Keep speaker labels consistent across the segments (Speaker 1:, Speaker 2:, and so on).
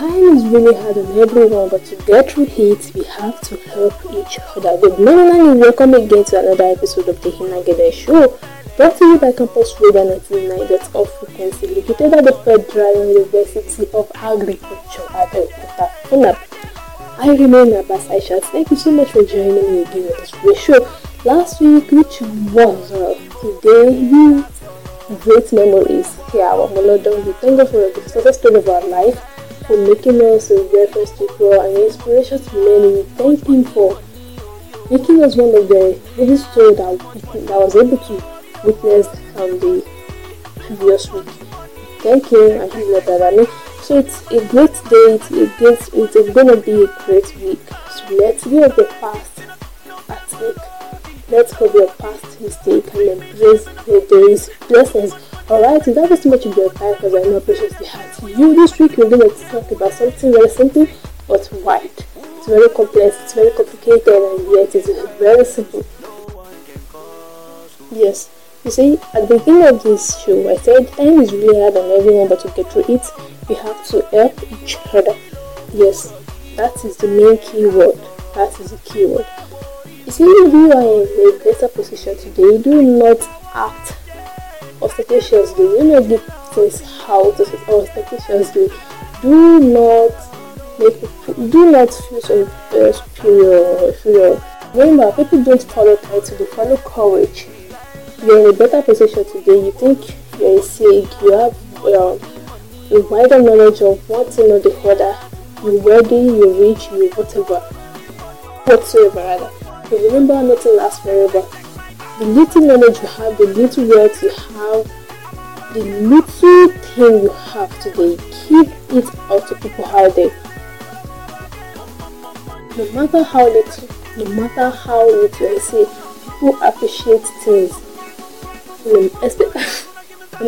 Speaker 1: Time is really hard on everyone, but to get through it, we have to help each other. Good morning and welcome again to another episode of the Hinagede Show, brought to you by Campus Radio 99.9 of frequency, located at the Federal University of Agriculture at Okota, up. I remain Abbas Aisha. Thank you so much for joining me again on this special. show. Last week, which was uh, today, great memories here, yeah, our Molodon. We thank God for the success story of our life for making us a reference to God and inspiration to many. thank Him for making us one of the little story that, that was able to witness on the previous week. Thank you and His Lord So it's a great day. It's a great. It's gonna be a great week. So let's be of the past at stake. Let's cover your past mistake and embrace your day's blessings. Alright, that just too much of your time because I know patience is hard to you, this week we're going to talk about something very simple but wide. It's very complex, it's very complicated, and yet it's very simple. Yes, you see, at the beginning of this show, I said time is really hard on everyone, but to get through it, we have to help each other. Yes, that is the main keyword. That is the keyword. You see, if you are in a better position today, do not act Obstetricians, do You know the things how to fit Do not make do not feel so, uh, superior, superior. Remember, people don't follow title, they follow courage. You're in a better position today. You think you're a you have uh, a wider knowledge of one thing or the other. You're ready, you're rich, you're whatever. Whatsoever, rather. But remember, nothing lasts forever the little knowledge you have, the little wealth you have, the little thing you have today, keep it out to people out No matter how little, no matter how little, I say, people appreciate things. I'm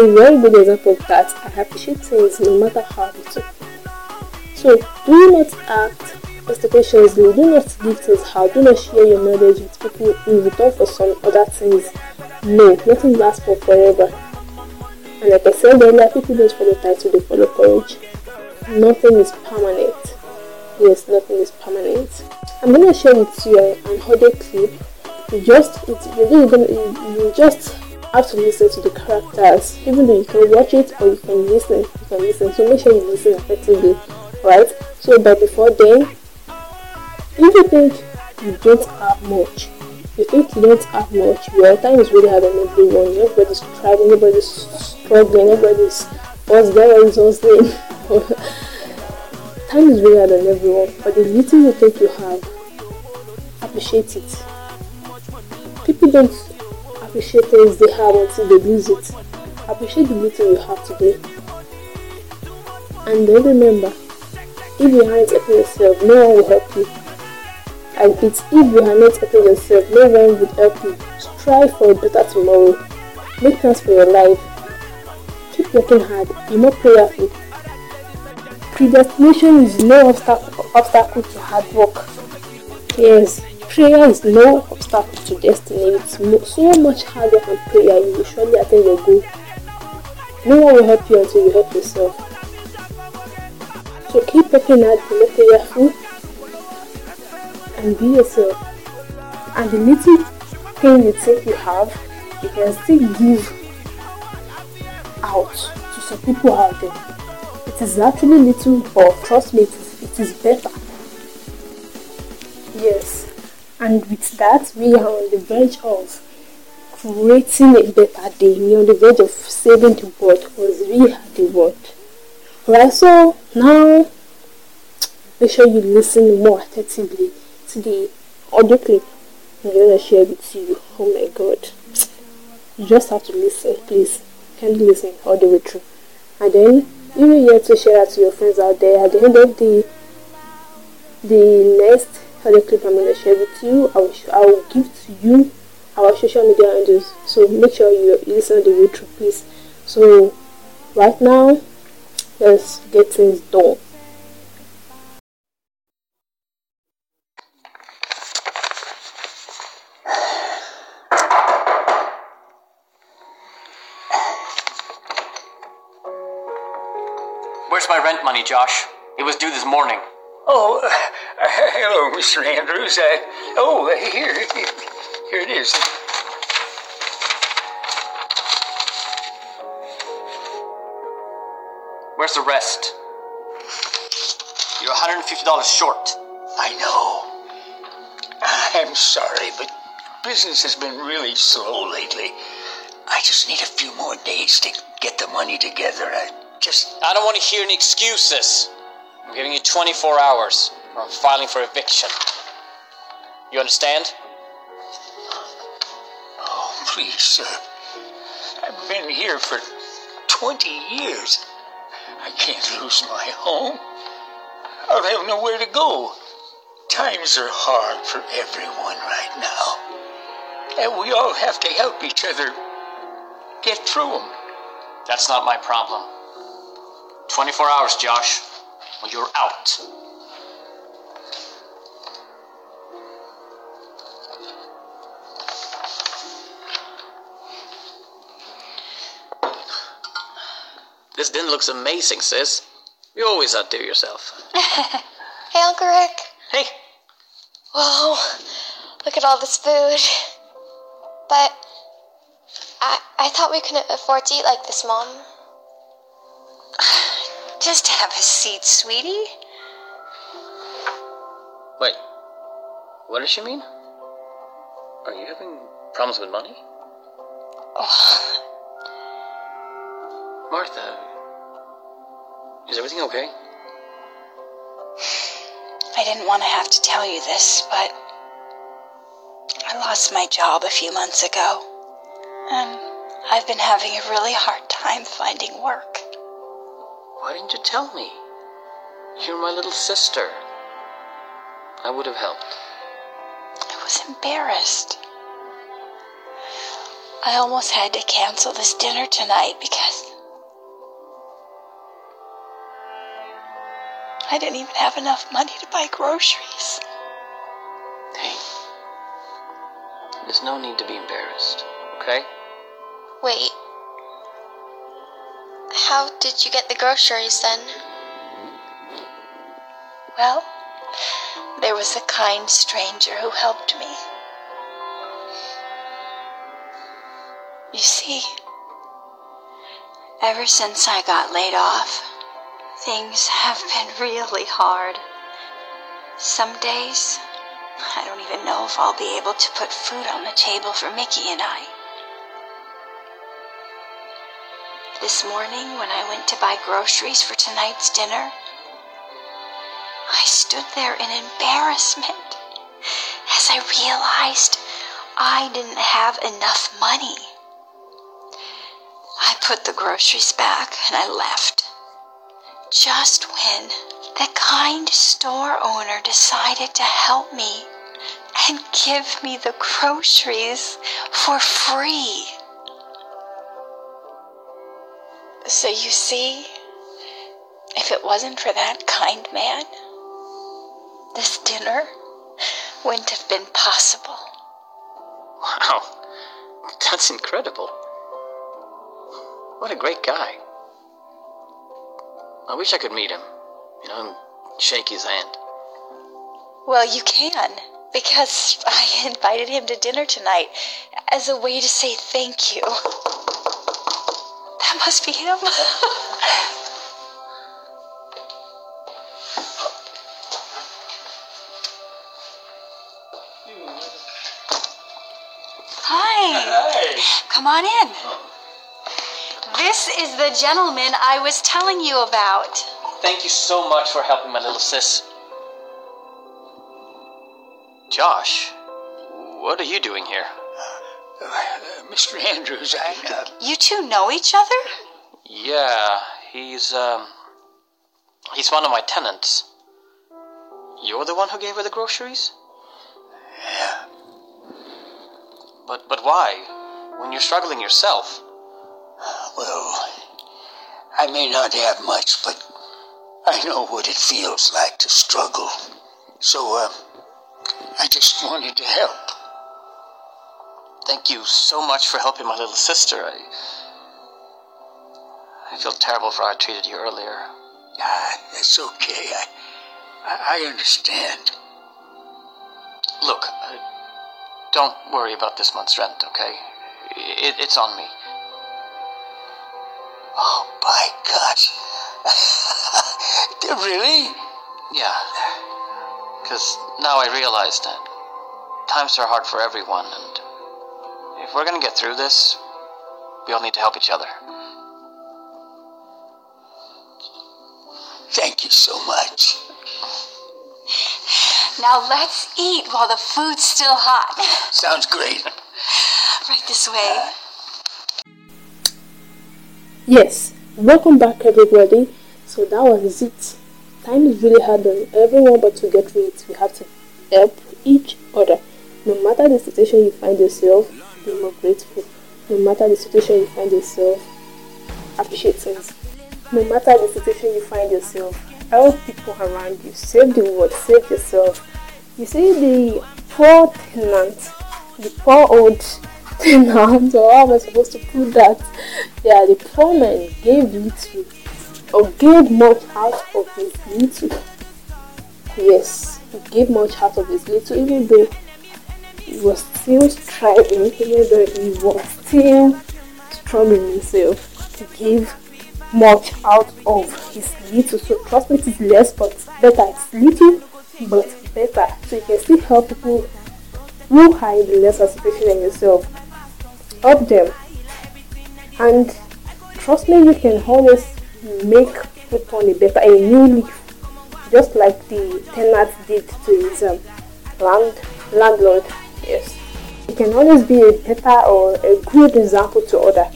Speaker 1: a very good example of that. I appreciate things no matter how little. So do not act as the question is, you do not give things how. do not share your knowledge with people who return for some other things. No, nothing lasts for forever. And like I said earlier, people don't follow title, they follow courage. Nothing is permanent. Yes, nothing is permanent. I'm gonna share with you an audio clip. You just, it. you're gonna, you, you just have to listen to the characters, even though you can watch it or you can listen. You can listen, so make sure you listen effectively, right? So, but before then, if you think you don't have much, you think you don't have much, well, time is really hard on everyone. Everybody's trying, everybody's struggling, everybody's what's there, what's there. time is really hard on everyone, but the little you think you have, appreciate it. People don't appreciate things they have until they lose it. Appreciate the little you have today. And then remember, if you aren't helping yourself, no one will help you and it's if you are not helping yourself, no one would help you. Strive for a better tomorrow. Make plans for your life. Keep working hard. Be more prayerful. Predestination is no obstacle, to hard work. Yes, prayer is no obstacle to destiny. It's so much harder than prayer you will surely attain your goal. No one will help you until you help yourself. So keep working hard, be more prayerful and be yourself. And the little pain you think you have, you can still give out to some people out there. It is actually little, but trust me, it is, it is better. Yes, and with that, we are on the verge of creating a better day. We are on the verge of saving the world because we are the world. so now make sure you listen more attentively the audio clip. I'm gonna share with you. Oh my god. You just have to listen, please. And listen all the way through. And then you will have to share that to your friends out there. At the end of the the next audio clip I'm gonna share with you, I will I will give to you our social media handles. So make sure you listen the way through, please. So right now, let's get things done.
Speaker 2: Josh. It was due this morning. Oh, uh, hello, Mr. Andrews. Uh, oh, uh, here, here it is. Where's the rest? You're $150 short. I know. I'm sorry, but business has been really slow lately. I just need a few more days to get the money together. I, just, I don't want to hear any excuses. I'm giving you 24 hours, or I'm filing for eviction. You understand? Oh, please, sir. I've been here for 20 years. I can't lose my home. I'll have nowhere to go. Times are hard for everyone right now. And we all have to help each other get through them. That's not my problem. 24 hours, Josh, or you're out. This din looks amazing, sis. You always outdo yourself. hey, Uncle Rick. Hey. Whoa, look at all this food. But I, I thought we couldn't afford to eat like this, Mom. Just have a seat, sweetie. Wait, what does she mean? Are you having problems with money? Oh. Martha, is everything okay? I didn't want to have to tell you this, but I lost my job a few months ago, and I've been having a really hard time finding work. Why didn't you tell me? You're my little sister. I would have helped. I was embarrassed. I almost had to cancel this dinner tonight because I didn't even have enough money to buy groceries. Hey, there's no need to be embarrassed, okay? Wait. How did you get the groceries then? Well, there was a kind stranger who helped me. You see, ever since I got laid off, things have been really hard. Some days, I don't even know if I'll be able to put food on the table for Mickey and I. this morning when I went to buy groceries for tonight's dinner. I stood there in embarrassment as I realized I didn't have enough money. I put the groceries back and I left. Just when the kind store owner decided to help me and give me the groceries for free. So you see, if it wasn't for that kind man, this dinner wouldn't have been possible. Wow, that's incredible. What a great guy. I wish I could meet him, you know, and shake his hand. Well, you can, because I invited him to dinner tonight as a way to say thank you. That must be him. Hi. Hi. Come on in. This is the gentleman I was telling you about. Thank you so much for helping my little sis. Josh, what are you doing here? Uh, Mr. Andrews, I. Uh, you two know each other? Yeah, he's, um. He's one of my tenants. You're the one who gave her the groceries? Yeah. But, but why? When you're struggling yourself? Well, I may not have much, but I know what it feels like to struggle. So, uh, I just wanted to help. Thank you so much for helping my little sister. I, I feel terrible for how I treated you earlier. Ah, it's okay. I, I, I understand. Look, uh, don't worry about this month's rent, okay? It, it's on me. Oh, by
Speaker 1: God. really?
Speaker 2: Yeah. Because now I realize that times are hard for everyone, and if we're gonna get through this, we all need to help each other. Thank you so much. Now let's eat while the food's still hot. Sounds great. right this way.
Speaker 1: Yes, welcome back everybody. So that was it. Time is really hard on everyone, but to get through it, we have to help each other. No matter the situation you find yourself, grateful. No matter the situation you find yourself, appreciate things. No matter the situation you find yourself, help people around you. Save the world, save yourself. You see, the poor tenant, the poor old tenant, or how am I supposed to put that? Yeah, the poor man gave little or gave much out of his little. Yes, he gave much out of his little, even though he was still striving, even though he was still struggling himself to give much out of his little. So trust me, it is less, but better. It's little, but better. So you can still help people who are in the lesser situation than yourself. Help them. And trust me, you can always make people a better, a new leaf. Just like the tenant did to his um, land landlord Yes. You can always be a better or a good example to others.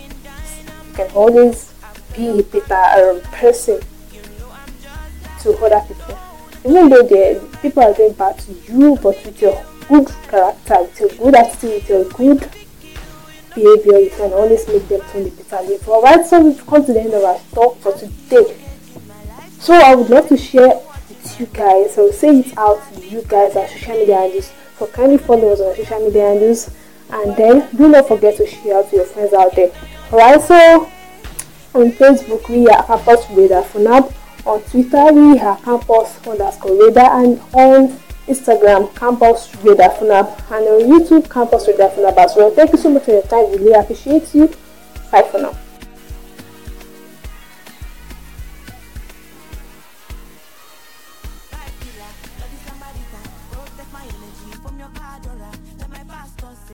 Speaker 1: You can always be a better um, person to other people. Even though the people are doing bad to you, but with your good character, with your good attitude, with your good behavior, you can always make them turn be better leaf. Alright, so we've come to the end of our talk for today. So I would love to share with you guys, I will say it out to you guys, should social media handles so kindly follow us on social media handles and then do not forget to share to your friends out there. Alright, so on Facebook we are Campus Radar Funab, on Twitter we are Campus underscore Radar, and on Instagram Campus Radar Funab, and on YouTube Campus Radar Funab as well. Thank you so much for your time. Really appreciate you. Bye for now.